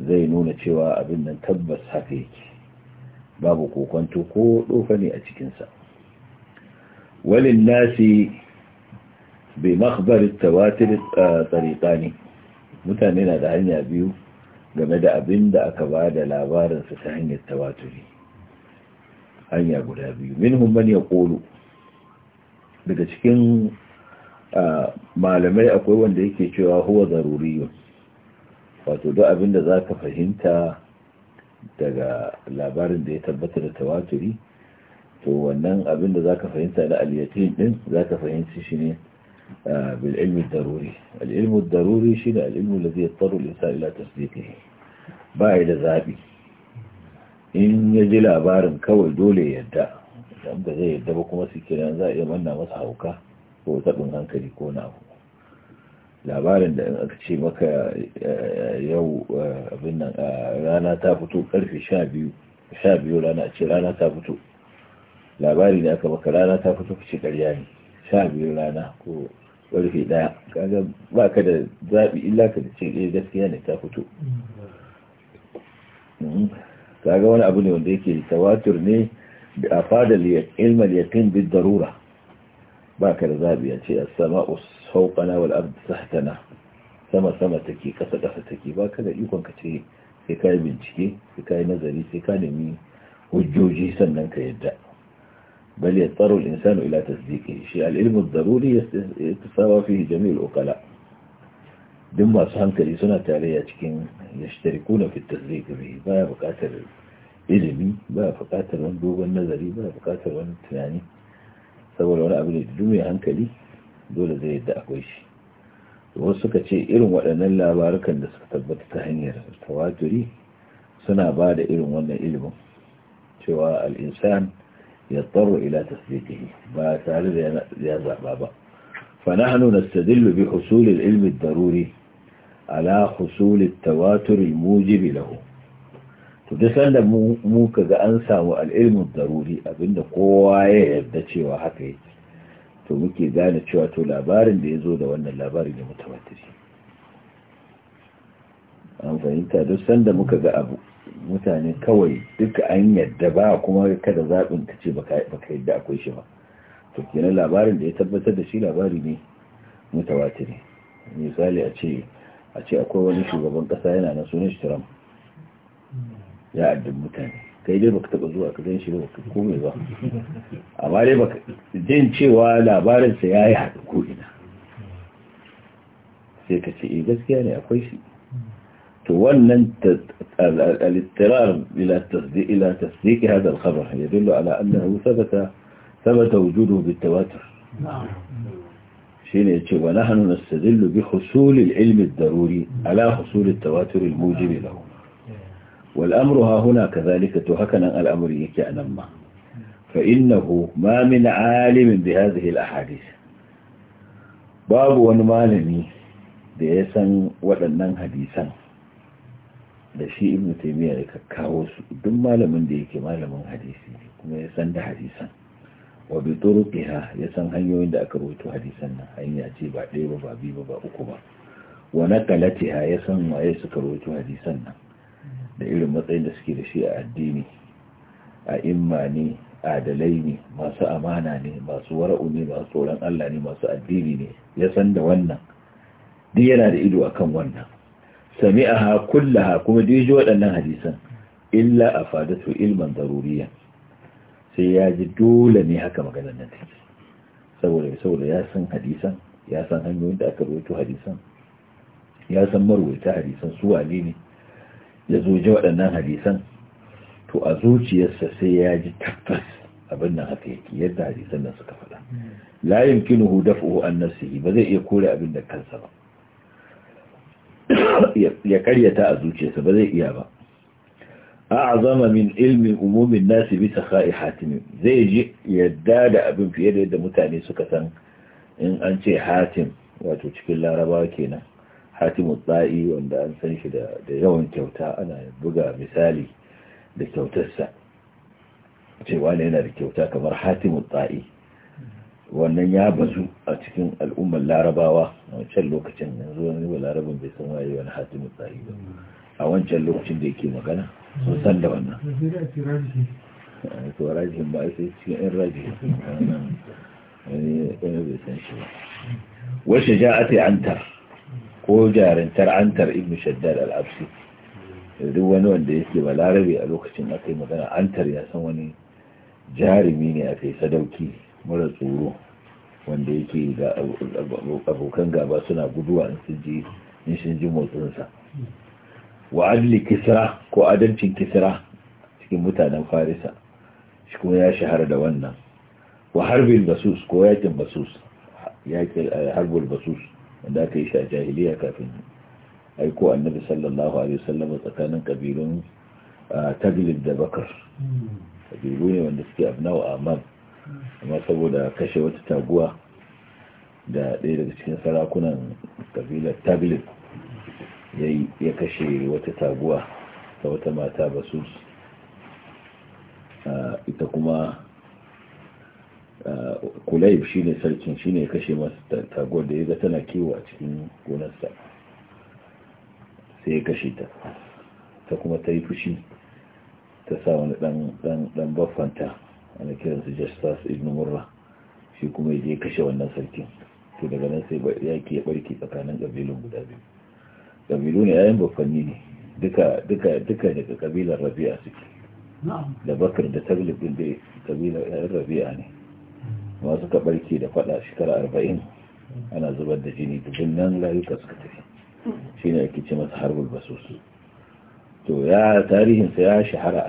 zai nuna cewa abin nan tabbas haka yake babu kokonto ko dofa ne a cikinsa walin nasi bai makbarin tawatir tsarika ne mutane na da hanya biyu game da abin da aka ba da labarinsa ta hanyar tawaturi hanya guda biyu minhum man ya kolo daga cikin ah, malamai akwai wanda yake cewa huwa zaruriyun wato duk da za ka fahimta daga labarin da ya tabbatar da tawaturi to wannan abinda za ka fahimta na aliyatin din za ka fahimci shi ne bil'ilmi daruri al'ilmi daruri shi ne al'ilmi da zai tsaro lisa ila tasdiqihi ba ya zaɓi in ya ji labarin kawai dole yadda wanda zai yadda ba kuma su kiran za a iya manna masa hauka ko taɓin hankali ko na abu labarin da aka ce maka eh, yau eh, abin nan eh, rana ta fito karfe sha biyu rana ce rana ta fito labari da aka maka rana ta fito kace karya ne sha biyu rana ko karfe daya kaga ba ka da zaɓi illa ka da ce ɗaya gaskiya ne ta fito mm-hmm. kaga wani abu ne wanda yake tawatur ne a afadal ilmal yaqin bid darura ba ka da zabi ya ce as-sama'u fawqana wal ardu tahtana sama sama take kasa kasa take ba ka da ikon ka ce sai ka yi bincike sai ka yi nazari sai ka nemi hujjoji sannan ka yadda bal yattaru al-insanu ila tasdiqihi shi al-ilmu ad-daruri yastasawa fihi jami'ul uqala duk masu hankali suna tarayya cikin yashtarikuna fi tasdiq bihi baya bukatar ilimi ya bukatar wani dogon nazari baya bukatar wani tunani saboda wani abu ne duk mai hankali dole zai yadda akwai shi wasu suka ce irin waɗannan labarukan da suka tabbata ta hanyar tawaturi suna ba da irin wannan ilimin cewa al'insan ya tsaro ila tasbiqihi ba tare da ya zaɓa ba فنحن bi husulil ilmi daruri ala حصول tawaturi الموجب lahu to duk sanda mu ka ga an samu al'ilmin daruri abinda kowa ya yarda cewa haka yake to muke gane cewa to labarin da ya zo da wannan labarin ya mutawatiri an fahimta duk sanda muka ga abu mutane kawai duka an yadda ba kuma kada zaɓin ka ce baka yadda akwai shi ba to kenan labarin da ya tabbatar da shi labari ne mutawatiri misali a ce a ce akwai wani shugaban ƙasa yana na sunan shi trump ya addin mutane kai dai baka taba zuwa ka gan shi ba baka kome ba amma dai baka jin cewa labarinsa ya yi haɗu ko ina sai ka ce gaskiya ne akwai shi to wannan al-ittirar ila tasdiq ila tasdiq hada al-khabar yadullu ala annahu thabata thabata wujuduhu bitawatur shine yace wa nahnu nastadillu bi husul al-ilm ad-daruri ala husul at-tawatur al-mujib lahu wal amru ha huna kazalika to haka nan yake a Fa'innahu, ma fa innahu ma min alimin bi hadhihi al babu wani malami da ya san waɗannan hadisan da shi ibn taymiya ya kakkawo su duk malamin da yake malamin hadisi kuma ya san da hadisan wa bi turuqiha ya san hanyoyin da aka rubuta hadisan nan hanya ce ba ɗaya ba ba ba ba uku ba wa naqalatiha ya san waye suka rubuta hadisan nan da irin matsayin da suke da shi a addini a imma ne adalai ne masu amana ne masu wara'u ne masu tsoron Allah ne masu addini ne ya san da wannan duk yana da ido akan wannan sami'aha kullaha kuma duk ji waɗannan hadisan illa a fadatu ilman daruriya sai ya ji dole ne haka maganar nan take saboda saboda ya san hadisan ya san hanyoyin da aka rawaito hadisan ya san marwaita hadisan su wane ne ya zoje waɗannan hadisan to a zuciyarsa sai ya ji tabbas abin nan haka yake yadda hadisan nan suka faɗa hmm. la yumkinuhu daf'uhu an nafsihi ba zai iya kore abin da kansa ba ya karyata a zuciyarsa ba zai iya ba a'zama min ilmi umumin nasi bi sakha'i hatim zai ji yadda da abin fiye da yadda mutane suka san in an ce hatim wato cikin larabawa kenan hatimu tsa'i wanda an san shi da yawan kyauta ana buga misali da kyautarsa cewa ne yana da kyauta kamar hatimu tsa'i wannan ya bazu a cikin al'ummar larabawa a wancan lokacin yanzu wani wa larabin bai san waye wani hatimu tsa'i ba a wancan lokacin da yake magana sun san da wannan eh, to rajihin ba sai cikin yan rajihin wani bai san shi ba wasu ja'ati antar ko jarintar antar ibn shaddad al-absi duk wani wanda yake larabe a lokacin aka yi magana antar ya san wani jarumi ne a kai sadauki mara tsoro wanda yake ga abokan gaba suna guduwa in sun ji motsinsa wa adli kisra ko adalcin kisra cikin mutanen farisa shi kuma ya shahara da wannan wa harbin basus ko yakin basus yakin eh, harbul basus wanda aka yi shi a jahiliya kafin aiko annabi sallallahu alaihi wasallam tsakanin kabilun taglib da bakar kabilu ne wanda suke abnawa amal amma saboda kashe wata taguwa da ɗaya daga cikin sarakunan kabilar taglib ya kashe wata taguwa ta wata mata basus ita kuma shi ne sarkin shi ya kashe masa tago da ga tana kiwo a cikin gonarsa sai ya kashe ta ta kuma ta yi fushi ta sa wani dan baffanta ana kiransu Justus ibn Murra shi kuma ya je kashe wannan sarkin to daga nan sai ya ya barke tsakanin kabilun guda biyu kabilu ne yayin bafanni ne duka daga kabilar Rabi'a suke da Bakar da Taglib da kabilar Rabi'a ne masu suka barke da fada shekara arba'in ana zubar da jini dubin nan layuka suka tafi shi ne ake ce masa harbul basus to ya tarihinsa ya shahara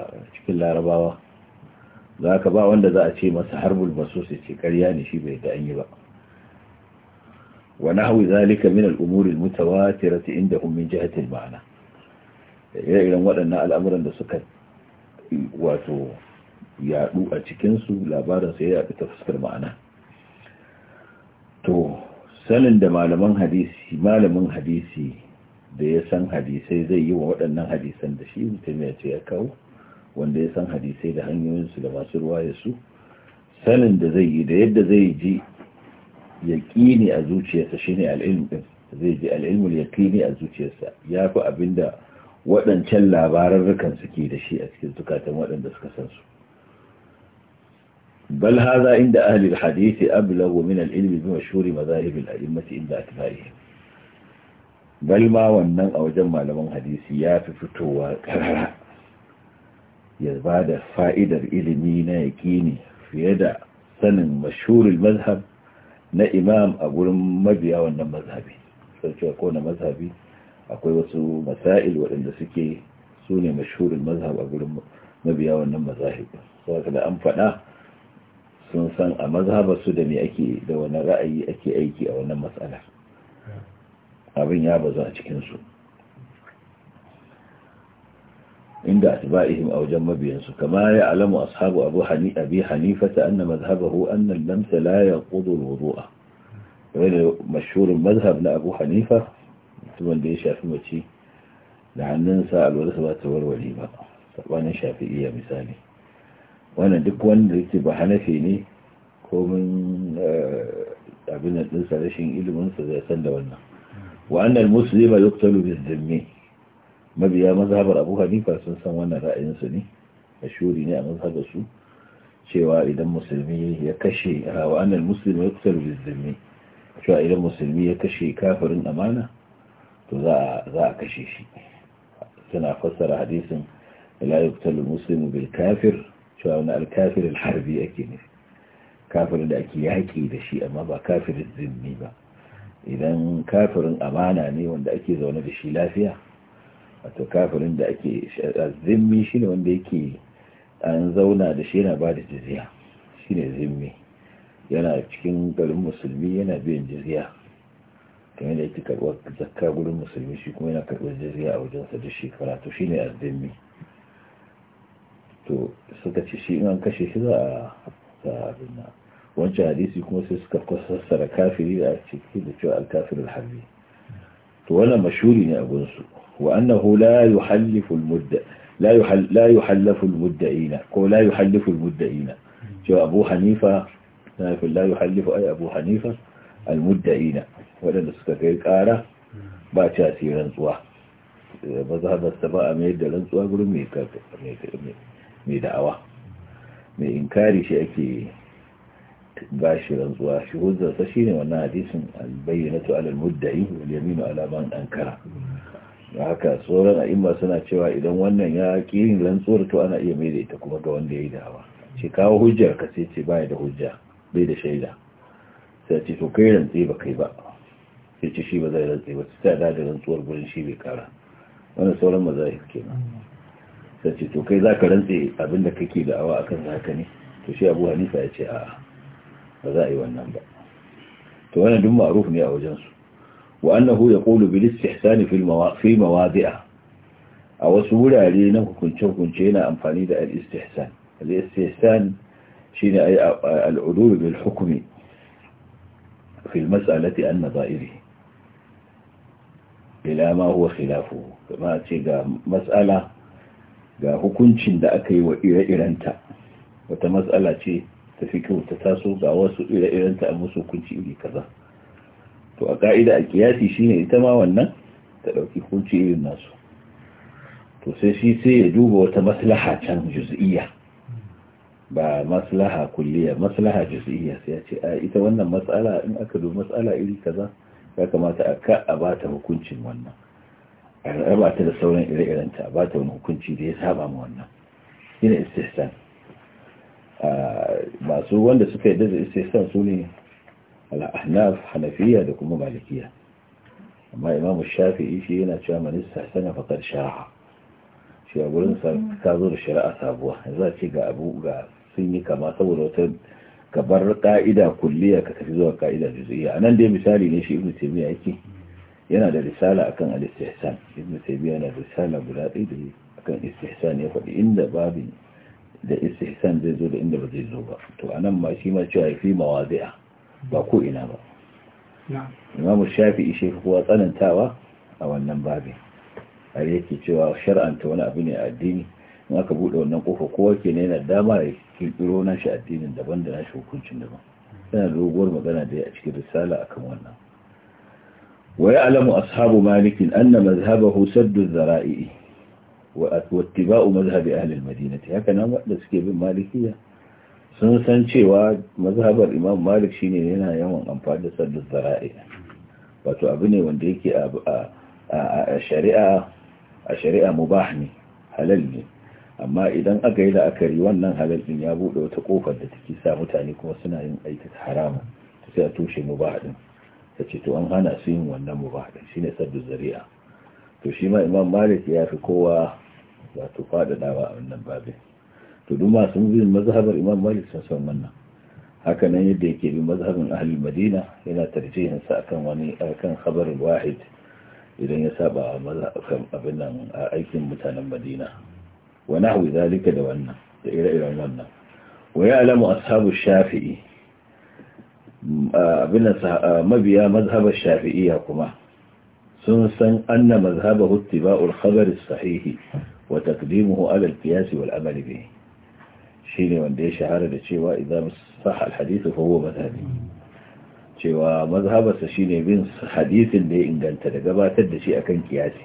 a cikin larabawa za ka ba wanda za a ce masa harbul basus ce karya ne shi bai da an yi ba ونحو ذلك من الأمور المتواترة عندهم من جهة المعنى إذا إلى waɗannan al'amuran da suka wato. yaɗu a cikinsu sai ya yaɗu ta fuskar ma'ana to sanin da malaman hadisi malamin hadisi da ya san hadisai zai yi wa waɗannan hadisan da shi mutum ya ce ya kawo wanda ya san hadisai da hanyoyinsu da masu ruwa ya su sanin da zai yi da yadda zai ji yaƙini a zuciyarsa shine al'ilm din zai ji al'ilmul yaƙini a zuciyarsa ya fi abinda waɗancan labararrukan suke da shi a cikin zukatan waɗanda suka san su بل هذا عند أهل الحديث أبلغ من العلم بمشهور مذاهب الأئمة إلا أتباعهم بل ما ونن أو جمع لمن حديثي يا في فتوى كرارا يزباد فائدة الإلمين يكيني في يدع سن مشهور المذهب na imam a gurin mabiya wannan mazhabi sarki a kowane mazhabi akwai wasu masail waɗanda suke su ne mashhurin mazhab a gurin mabiya wannan mazhabi saboda da an faɗa sun san a mazhabarsu da me ake da wani ra'ayi ake aiki a wannan matsalar abin ya bazu a cikinsu inda atba'ihim a wajen mabiyansu kama ya alamu ashabu abu abi hanifata anna mazhabahu anna lamsa la yaqudu alwudu'a wani mashurin mazhab na abu hanifa mutumin da ya shafi mace da hannunsa alwala ba ta warware ba shafi iya misali wannan duk wanda yake ba hanafi ne komin eh, abin da ɗinsa rashin iliminsa zai san da wannan wa'annan musulima yuktalu bin zimmi mabiya mazhabar abu hanifa sun san wannan ra'ayinsu ne a shuri ne a mazhabar su cewa idan musulmi ya kashe ah, wa'annan musulima yuktalu bin zimmi cewa idan musulmi ya kashe kafirin amana to za a kashe shi suna fassara hadisin la yuktalu muslimu bil kafir cewa wani alkafirin harbi ake nufi kafirin da ake yaƙi da shi amma ba kafirin zimmi ba idan kafirin amana ne wanda ake zaune da shi lafiya wato kafirin da ake zimmi shi ne wanda yake an zauna da shi yana ba da jiziya shi ne zimmi yana cikin garin musulmi yana biyan jiziya kuma da yake karɓar zakka gurin musulmi shi kuma yana karɓar jiziya a wajensa da shekara to shi ne azzimmi to suka ce shi in an kashe shi za a abin nan wancan hadisi kuma sai suka fassara kafiri a ciki da cewa al-kafir al-harbi to wannan mashuri ne a gunsu wa annahu la yuhallifu al-mudda la la yuhallafu al-mudda'ina ko la yuhallifu al-mudda'ina cewa Abu Hanifa la yuhallifu ay Abu Hanifa al-mudda'ina wadanda suka kai kara ba ta tsiran tsuwa eh, mazhabar ba a mayar da rantsuwa gurin mai mai da'awa mai inkari shi ake ba shi rantsuwa shi hujjarsa shi ne wannan hadisin albayyanatu alal muddai wal yaminu ala man ankara haka sauran a'imma suna cewa idan wannan ya kirin rantsuwar to ana iya mai da ita kuma ga wanda ya yi da'awa shi kawo hujjar ka sai ce baya da hujja bai da shaida sai ce to kai rantsi ba kai ba sai ce shi ba zai rantsi ba sai da da rantsuwar gurin shi bai kara wannan sauran mazahir kenan ta to kai zaka ka rantse abinda kake da awa akan haka ne to shi abu hanifa ya ce a ba za a yi wannan ba to wannan duk ma'ruf ne a wajen su wa annahu yaqulu bil istihsan fi fi mawadi'a a wasu wurare na hukunce hukunce yana amfani da al istihsan al istihsan shine ay al udul bil hukm fi al mas'alati an nadairi ila ma huwa khilafu kuma ce ga mas'ala ga hukuncin da aka yi wa ire-irenta wata matsala ce ta fi ta taso ga wasu ire-irenta a musu hukunci iri kaza to a ka'ida a kiyasi ne ita ma wannan ta ɗauki hukunci irin nasu to sai shi sai ya duba wata maslaha can juz'iyya ba maslaha kulliya maslaha juz'iyya sai ya ce a ita wannan matsala in aka duba matsala iri kaza ya kamata a ka a bata hukuncin wannan raba ta da sauran ire-irenta ba ta wani hukunci da ya saba ma wannan shi ne masu wanda suka yadda da istihsan su ne al'ahnaf hanafiya da kuma malikiya amma imamu shafi ishi yana cewa manista sana fakar shara'a shi a gurin ta zo da shari'a sabuwa za ce ga abu ga sun yi kama saboda wata gabar ka'ida kulliya ka tafi zuwa ka'ida juziya a nan dai misali ne shi ibn taymiya yake yana da risala akan al-istihsan ibn taymiya yana da risala guda ɗaya da akan istihsan ya faɗi inda babin da istihsan zai zo da inda ba zai zo ba to anan ma shi ma cewa fi mawadi'a ba ko ina ba imamu shafi ishe kuwa tsanantawa a wannan babin har yake cewa shar'anta wani abu ne a addini in aka buɗe wannan kofa kowa ke ne yana dama ya kirkiro nashi addinin daban da nashi hukuncin daban yana doguwar magana da a cikin risala akan wannan ويعلم أصحاب مالك أن مذهبه سد الذرائع واتباع مذهب أهل المدينة هكذا مؤلس كيف مالكية سنسان شوى مذهب الإمام مالك شيني هنا يوم أنفاد سد الذرائع وتعبني وانديك الشريعة الشريعة مباحني halalni amma idan aka yi la'akari wannan halal din ya buɗe wata ƙofar da take sa mutane kuma suna yin aikata haramun sai a toshe mubah din ta ce to an hana su yin wannan mu ba shi ne saddu zari'a to shi ma imam malik ya fi kowa wato faɗaɗawa a wannan babin to duk masu bin mazhabar imam malik sun san wannan haka nan yadda yake bin mazhabin ahlul madina yana tarjihin sa akan wani akan wahid idan ya saba mazhabin abin nan a aikin mutanen madina wa nahwi zalika da wannan da ire-iren wannan wa ya'lamu ashabu shafi'i abin mabiya mazhabar shafi'iyya kuma sun san anna mazhabahu ittiba'ul khabar as-sahih wa taqdimuhu ala al-qiyas wal amal bihi shine wanda ya shahara da cewa idan sah al-hadith fa huwa mazhabi cewa mazhabarsa shine bin hadisin da ya inganta da gabatar da shi akan kiyasi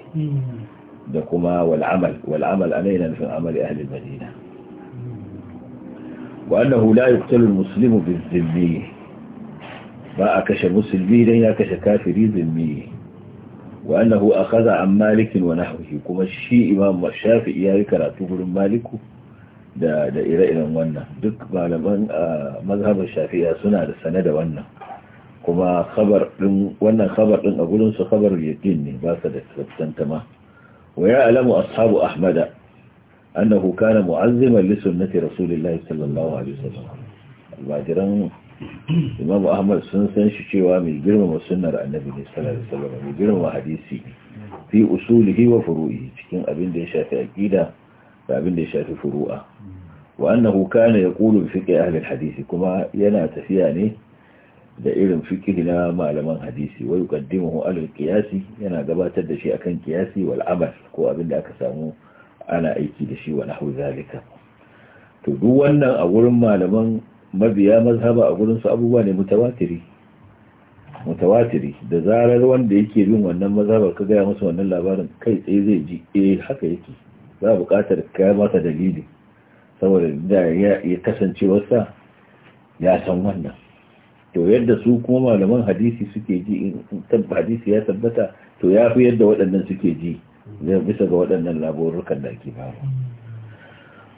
da kuma wal amal wal amal alaina fi amali ahli al-madina wa annahu la yuqtalu al-muslimu bi-dhimmi ba a kashe musulmi dan ya kashe kafiri zimmi wa annahu akhadha an malikin wani nahwihi kuma shi imam shafi'i yayi karatu gudun maliku da da ire-iren wannan duk malaman mazhabin shafiya suna da sane da wannan kuma wannan khabar din a gurin su khabar yaqin ne ba da tantama ma wa ya'lamu ashabu ahmada annahu kana mu'azzimar li sunnati rasulillahi sallallahu alaihi wasallam imamu ahmad sun san shi cewa mai girmama sunnar annabi ne sallallahu alaihi wasallam mai girmama hadisi fi usulihi wa furu'i cikin abin da ya shafi aqida da abin da ya shafi furu'a wa annahu kana yaqulu bi fiqh ahli hadisi kuma yana tafiya ne da irin fiqh na malaman hadisi wa yuqaddimuhu ala yana gabatar da shi akan qiyasi wal amal ko abin da aka samu ana aiki da shi wa nahu zalika to duk wannan a wurin malaman mabiya mazhaba a gurin su abubuwa ne mutawatiri mutawatiri da zarar wanda yake bin wannan mazhaba ka gaya masa wannan labarin kai tsaye zai ji eh haka yake za a bukatar ka masa dalili saboda da ya kasance wasa ya san wannan to yadda su kuma malaman hadisi suke ji in hadisi ya tabbata to ya fi yadda waɗannan suke ji bisa ga waɗannan labarukan da ake bawa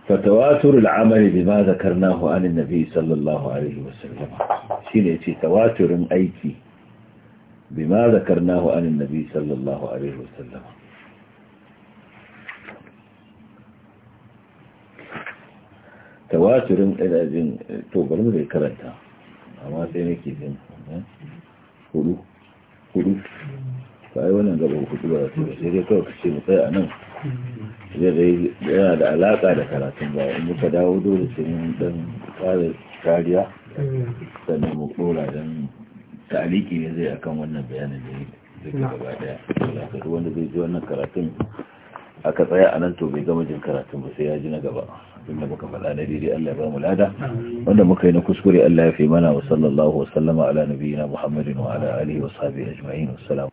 فتواتر العمل بما ذكرناه عن النبي صلى الله عليه وسلم شنو يتي تواتر أيكي بما ذكرناه عن النبي صلى الله عليه وسلم تواتر الأذن توبر من الكرنتا أما سينيكي ذن هدو هدو فأيوانا قبل هدو ولا تبسيري كوكسي مطيئة نمو yana da alaƙa da karatun ba in muka dawo dole sai mun dan fara kariya sannan mu kora dan ta'aliki ne zai akan wannan bayanin da yake gaba daya alaƙa wanda zai ji wannan karatun aka tsaya a nan to bai gama jin karatun ba sai ya ji na gaba inda muka faɗa na daidai Allah ya ba mu lada wanda muka yi na kuskure Allah ya fi mana wa sallallahu wa sallama ala nabiyina Muhammadin wa ala alihi wa sahbihi ajma'in assalamu